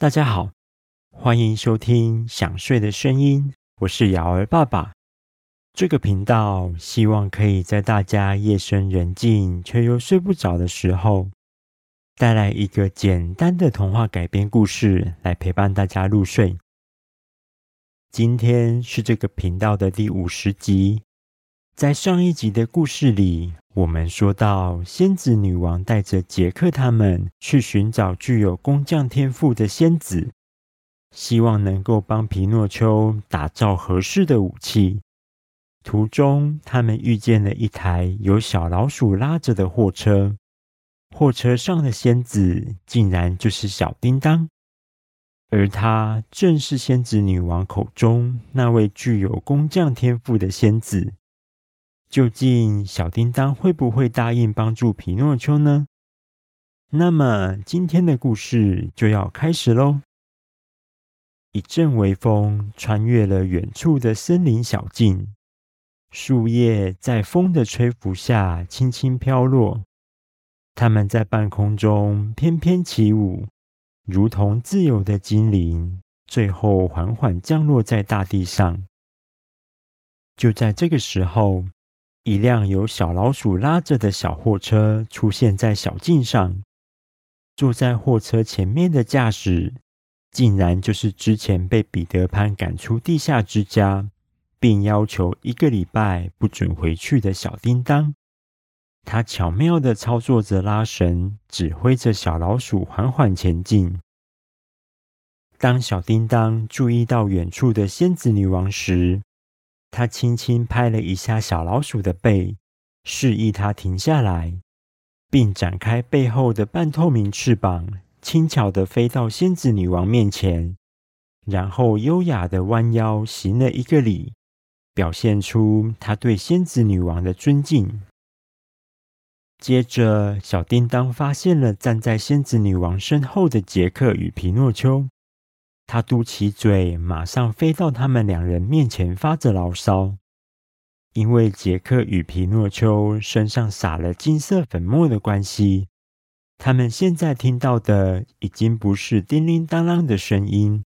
大家好，歡迎收聽《想睡的聲音》，我是堯兒爸爸。這個頻道希望可以在大家夜深人靜卻又睡不着的時候，帶來一個簡單的童話改編故事，來陪伴大家入睡。今天是這個頻道的第五十集。在上一集的故事裡，我們說到仙子女王帶着傑克他們去尋找具有工匠天賦的仙子，希望能夠幫皮諾丘打造合適的武器。途中，他們遇見了一台由小老鼠拉着的貨車，貨車上的仙子竟然就是小叮噹，而他正是仙子女王口中那位具有工匠天賦的仙子。究竟小叮噹會不會答應幫助皮諾丘呢？那麼，今天的故事就要開始嘍。一陣微風穿越了遠處的森林小徑，樹葉在風的吹拂下輕輕飄落，它們在半空中翩翩起舞，如同自由的精靈，最後緩緩降落在大地上。就在這個時候。一輛由小老鼠拉着的小貨車出現在小徑上。坐在貨車前面的駕駛，竟然就是之前被彼得潘趕出地下之家，並要求一個禮拜不准回去的小叮噹。他巧妙的操作着拉繩，指揮着小老鼠緩緩前進。當小叮噹注意到遠處的仙子女王時，他輕輕拍了一下小老鼠的背，示意它停下來，並展開背後的半透明翅膀，輕巧地飛到仙子女王面前，然後優雅地彎腰行了一個禮，表現出他對仙子女王的尊敬。接着，小叮當發現了站在仙子女王身後的杰克與皮諾丘。他嘟起嘴，馬上飛到他們兩人面前，發着牢騷。因為傑克與皮諾丘身上撒了金色粉末的關係，他們現在聽到的已經不是叮鈴噹啷的聲音，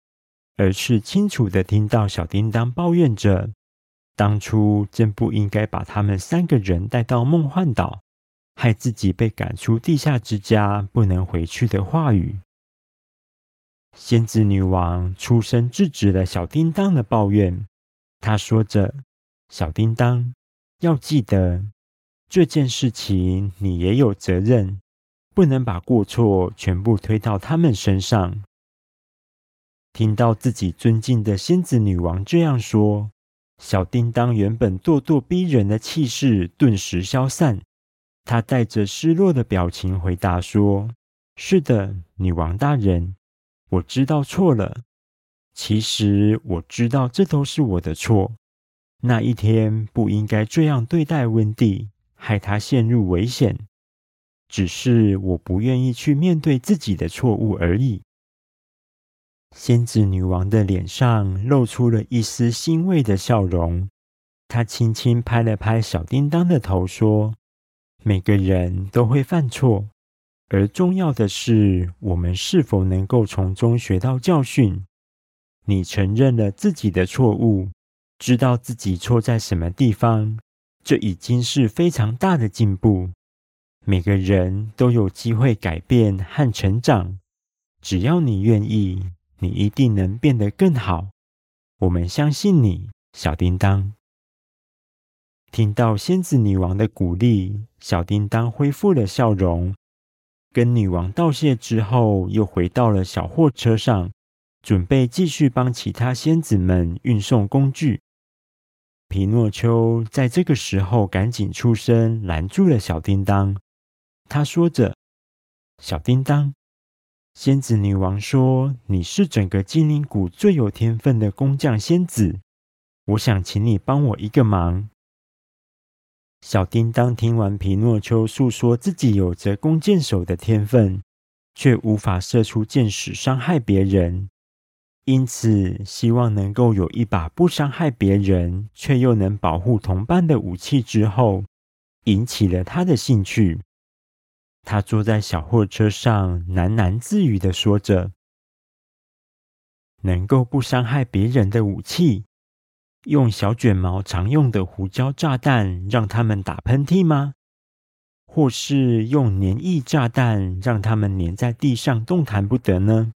而是清楚地聽到小叮噹抱怨着：“當初真不應該把他們三個人帶到夢幻島，害自己被趕出地下之家，不能回去”的話語。仙子女王出聲制止了小叮噹的抱怨。她說着：“小叮噹，要記得，這件事情你也有責任，不能把過錯全部推到他們身上。”聽到自己尊敬的仙子女王這樣說，小叮噹原本咄咄逼人的氣勢頓時消散。他帶着失落的表情回答說：“是的，女王大人。”我知道錯了，其實我知道這都是我的錯。那一天不應該這樣對待溫蒂，害她陷入危險。只是我不願意去面對自己的錯誤而已。仙子女王的臉上露出了一絲欣慰的笑容，她輕輕拍了拍小叮噹的頭，說：“每個人都會犯錯。”而重要的是，我們是否能夠從中學到教訓。你承認了自己的錯誤，知道自己錯在什麼地方，這已經是非常大的進步。每個人都有機會改變和成長，只要你願意，你一定能變得更好。我們相信你，小叮噹。聽到仙子女王的鼓勵，小叮噹恢復了笑容。跟女王道謝之後，又回到了小貨車上，準備繼續幫其他仙子們運送工具。皮諾丘在這個時候趕緊出聲攔住了小叮噹，他說着：“小叮噹，仙子女王說你是整個精靈谷最有天分的工匠仙子，我想請你幫我一個忙。”小叮噹聽完皮諾丘訴說自己有着弓箭手的天分，卻無法射出箭矢傷害別人，因此希望能夠有一把不傷害別人卻又能保護同伴的武器之後，引起了他的興趣。他坐在小貨車上，喃喃自語地說着：“能夠不傷害別人的武器。”用小捲毛常用的胡椒炸彈讓他們打噴嚏嗎？或是用粘液炸彈讓他們粘在地上動彈不得呢？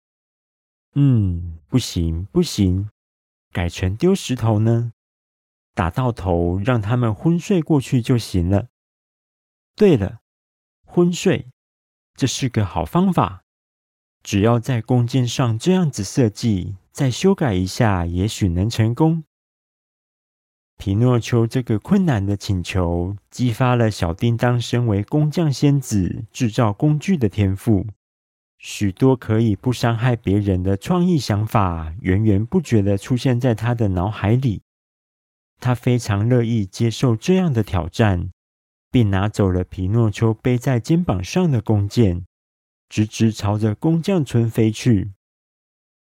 嗯，不行不行，改成丟石頭呢？打到頭讓他們昏睡過去就行了。對了，昏睡，這是個好方法，只要在弓箭上這樣子設計，再修改一下，也許能成功。皮諾丘這個困難的請求，激發了小叮噹身為工匠仙子製造工具的天賦，許多可以不傷害別人的創意想法，源源不絕的出現在他的腦海裡。他非常樂意接受這樣的挑戰，並拿走了皮諾丘背在肩膀上的弓箭，直直朝着工匠村飛去。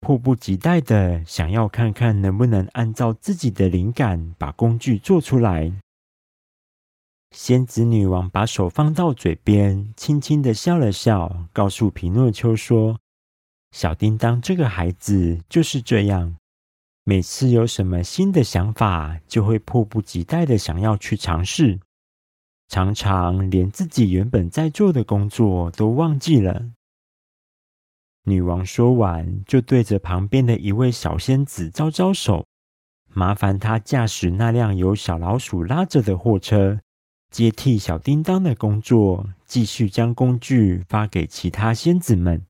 迫不及待的想要看看能不能按照自己的靈感把工具做出來。仙子女王把手放到嘴邊，輕輕的笑了笑，告訴皮諾丘說：“小叮噹這個孩子就是這樣，每次有什麼新的想法，就會迫不及待的想要去嘗試，常常連自己原本在做的工作都忘記了。”女王說完，就對着旁邊的一位小仙子招招手：“麻煩她駕駛那輛由小老鼠拉着的貨車，接替小叮噹的工作，繼續將工具發給其他仙子們。”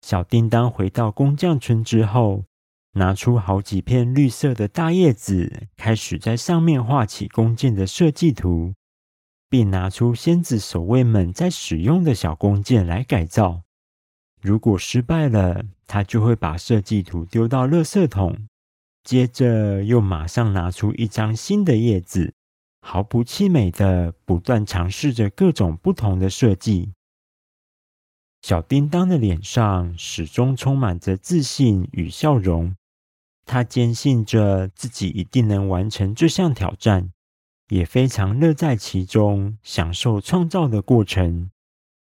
小叮噹回到工匠村之後，拿出好幾片綠色的大葉子，開始在上面畫起弓箭的設計圖，並拿出仙子守衛們在使用的小弓箭來改造。如果失敗了，他就會把設計圖丟到垃圾桶，接着又馬上拿出一張新的葉子，毫不氣餒地不斷嘗試着各種不同的設計。小叮噹的臉上始終充滿着自信與笑容，他堅信着自己一定能完成這項挑戰，也非常樂在其中，享受創造的過程。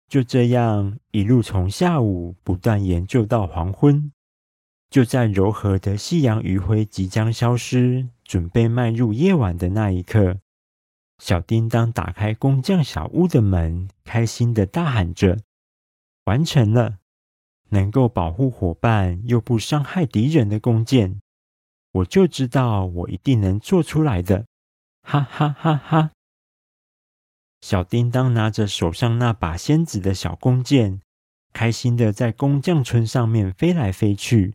就這樣，一路從下午不斷研究到黃昏，就在柔和的夕陽餘暉即將消失、準備邁入夜晚的那一刻，小叮噹打開工匠小屋的門，開心地大喊着：“完成了！能夠保護夥伴又不傷害敵人的弓箭，我就知道我一定能做出來的！”哈哈哈哈。小叮噹拿着手上那把仙子的小弓箭，開心的在工匠村上面飛來飛去，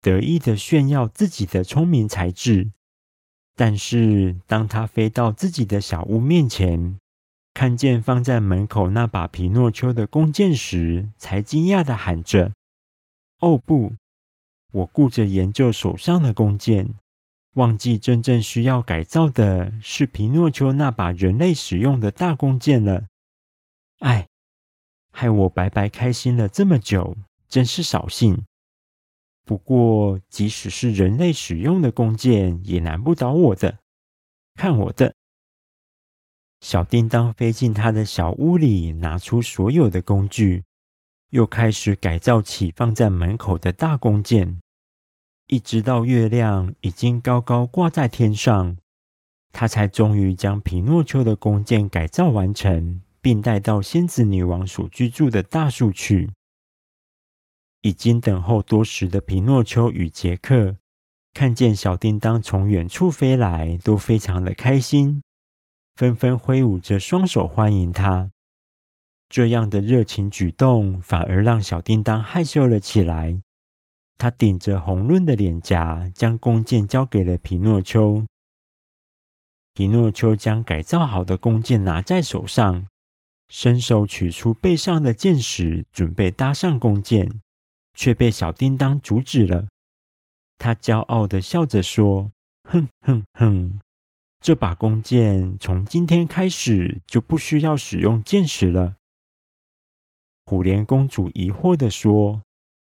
得意的炫耀自己的聰明才智。但是，當他飛到自己的小屋面前，看見放在門口那把皮諾丘的弓箭時，才驚訝的喊着：“哦、oh, 不！我顧着研究手上的弓箭。”忘記真正需要改造的是皮諾丘那把人類使用的大弓箭了。哎，害我白白開心了這麼久，真是掃興。不過，即使是人類使用的弓箭，也難不倒我的。看我的。小叮噹飛進他的小屋裡，拿出所有的工具，又開始改造起放在門口的大弓箭。一直到月亮已經高高掛在天上，他才終於將皮諾丘的弓箭改造完成，並帶到仙子女王所居住的大樹去。已經等候多時的皮諾丘與傑克看見小叮噹從遠處飛來，都非常的開心，紛紛揮舞着雙手歡迎他。這樣的熱情舉動，反而讓小叮噹害羞了起來。他頂着紅潤的臉頰，將弓箭交給了皮諾丘。皮諾丘將改造好的弓箭拿在手上，伸手取出背上的箭矢，準備搭上弓箭，卻被小叮噹阻止了。他驕傲地笑着說：“哼哼哼，這把弓箭從今天開始就不需要使用箭矢了。”虎蓮公主疑惑地說。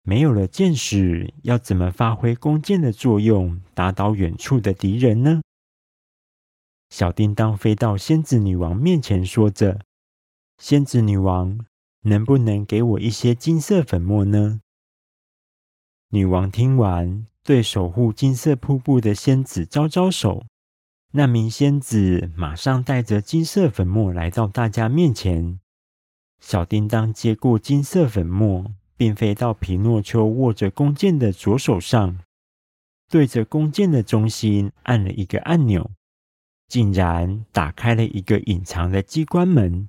沒有了箭矢，要怎麼發揮弓箭的作用，打倒遠處的敵人呢？小叮噹飛到仙子女王面前，說着：“仙子女王，能不能給我一些金色粉末呢？”女王聽完，對守護金色瀑布的仙子招招手，那名仙子馬上帶着金色粉末來到大家面前。小叮噹接過金色粉末。並飛到皮諾丘握着弓箭的左手上，對着弓箭的中心按了一個按鈕，竟然打開了一個隱藏的機關門。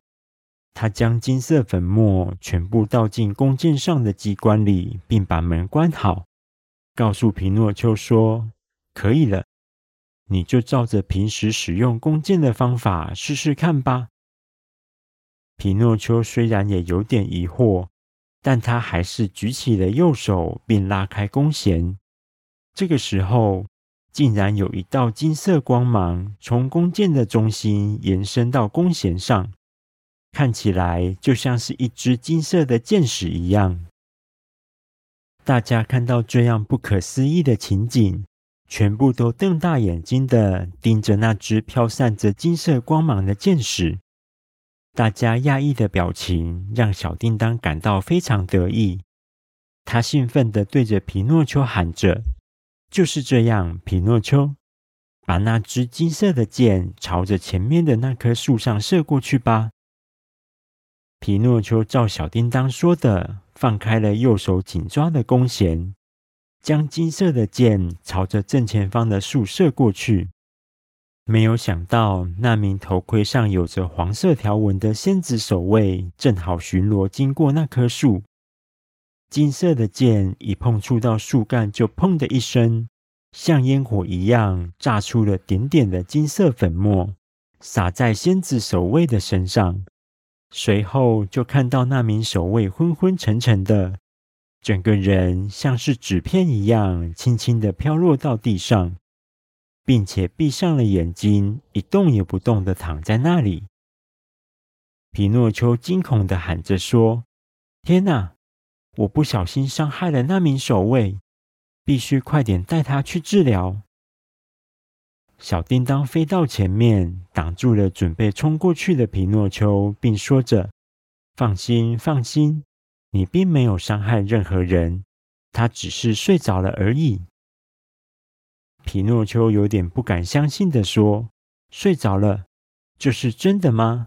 他將金色粉末全部倒進弓箭上的機關裡，並把門關好，告訴皮諾丘說：“可以了，你就照着平時使用弓箭的方法試試看吧。”皮諾丘雖然也有點疑惑。但他還是舉起了右手，並拉開弓弦。這個時候，竟然有一道金色光芒從弓箭的中心延伸到弓弦上，看起來就像是一隻金色的箭矢一樣。大家看到這樣不可思議的情景，全部都瞪大眼睛的盯着那隻飄散着金色光芒的箭矢。大家訝異的表情，讓小叮噹感到非常得意。他興奮地對着皮諾丘喊着：“就是這樣，皮諾丘，把那支金色的箭朝着前面的那棵樹上射過去吧！”皮諾丘照小叮噹說的，放開了右手緊抓的弓弦，將金色的箭朝着正前方的樹射過去。沒有想到，那名頭盔上有着黃色條紋的仙子守衛正好巡邏經過那棵樹。金色的劍一碰觸到樹幹，就砰的一聲，像煙火一樣炸出了點點的金色粉末，灑在仙子守衛的身上。隨後就看到那名守衛昏昏沉沉的，整個人像是紙片一樣，輕輕的飄落到地上。並且閉上了眼睛，一動也不動地躺在那裡。皮諾丘驚恐地喊着說：“天哪！我不小心傷害了那名守衛，必須快點帶他去治療。”小叮噹飛到前面，擋住了準備衝過去的皮諾丘，並說着：“放心，放心，你並沒有傷害任何人，他只是睡着了而已。”皮諾丘有點不敢相信地說：“睡着了，這、就是真的嗎？”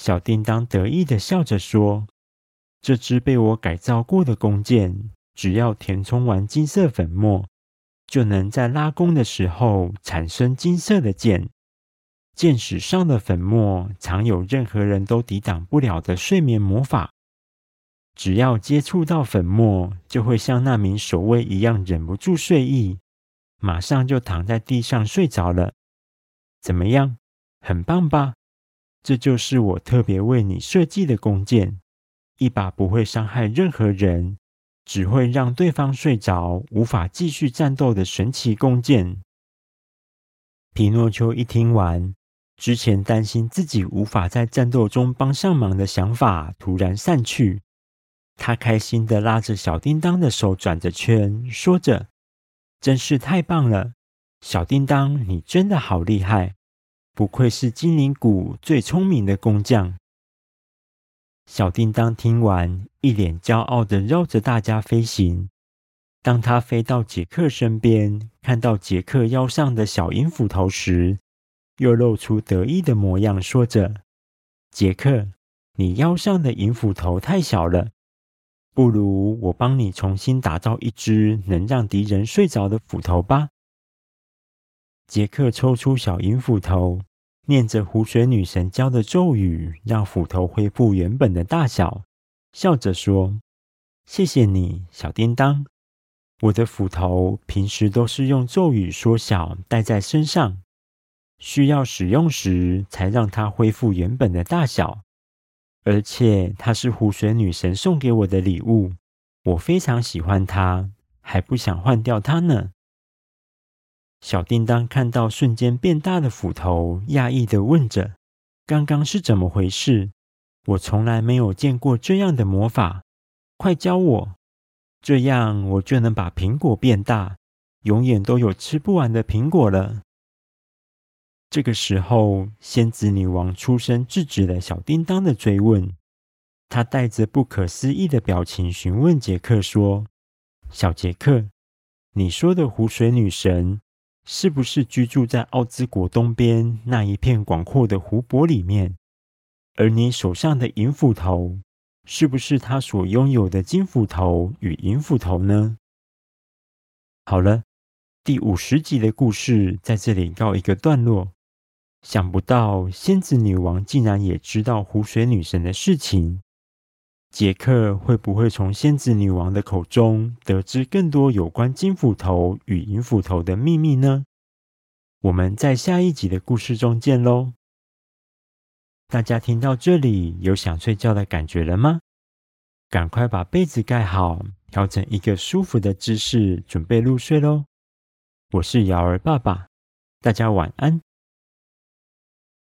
小叮噹得意地笑着說：“這支被我改造過的弓箭，只要填充完金色粉末，就能在拉弓的時候產生金色的箭。箭矢上的粉末藏有任何人都抵擋不了的睡眠魔法，只要接觸到粉末，就會像那名守衛一樣忍不住睡意。”馬上就躺在地上睡着了，怎麼樣？很棒吧？這就是我特別為你設計的弓箭，一把不會傷害任何人，只會讓對方睡着，無法繼續戰鬥的神奇弓箭。皮諾丘一聽完，之前擔心自己無法在戰鬥中幫上忙的想法突然散去，他開心地拉着小叮噹的手轉着圈，說着，真是太棒了，小叮噹，你真的好厲害，不愧是精靈谷最聰明的工匠。小叮噹聽完，一臉驕傲的繞着大家飛行。當他飛到杰克身邊，看到杰克腰上的小銀斧頭時，又露出得意的模樣，說着：“杰克，你腰上的銀斧頭太小了。”不如我幫你重新打造一支能讓敵人睡着的斧頭吧。杰克抽出小銀斧頭，念着湖水女神教的咒語，讓斧頭恢復原本的大小，笑着說：“謝謝你，小叮噹。我的斧頭平時都是用咒語縮小，帶在身上，需要使用時才讓它恢復原本的大小。”而且它是湖水女神送給我的禮物，我非常喜歡它，還不想換掉它呢。小叮噹看到瞬間變大的斧頭，訝異的問着：“剛剛是怎麼回事？我從來沒有見過這樣的魔法，快教我，這樣我就能把蘋果變大，永遠都有吃不完的蘋果了。”這個時候，仙子女王出聲制止了小叮噹的追問。她帶着不可思議的表情詢問傑克說：“小杰克，你說的湖水女神，是不是居住在奧茲國東邊那一片廣闊的湖泊裡面？而你手上的銀斧頭，是不是她所擁有的金斧頭與銀斧頭呢？”好了，第五十集的故事在這裡告一個段落。想不到仙子女王竟然也知道湖水女神的事情，傑克會不會從仙子女王的口中得知更多有關金斧頭與銀斧頭的秘密呢？我們在下一集的故事中見嘍！大家聽到這裡有想睡覺的感覺了嗎？趕快把被子蓋好，調整一個舒服的姿勢，準備入睡嘍！我是堯兒爸爸，大家晚安。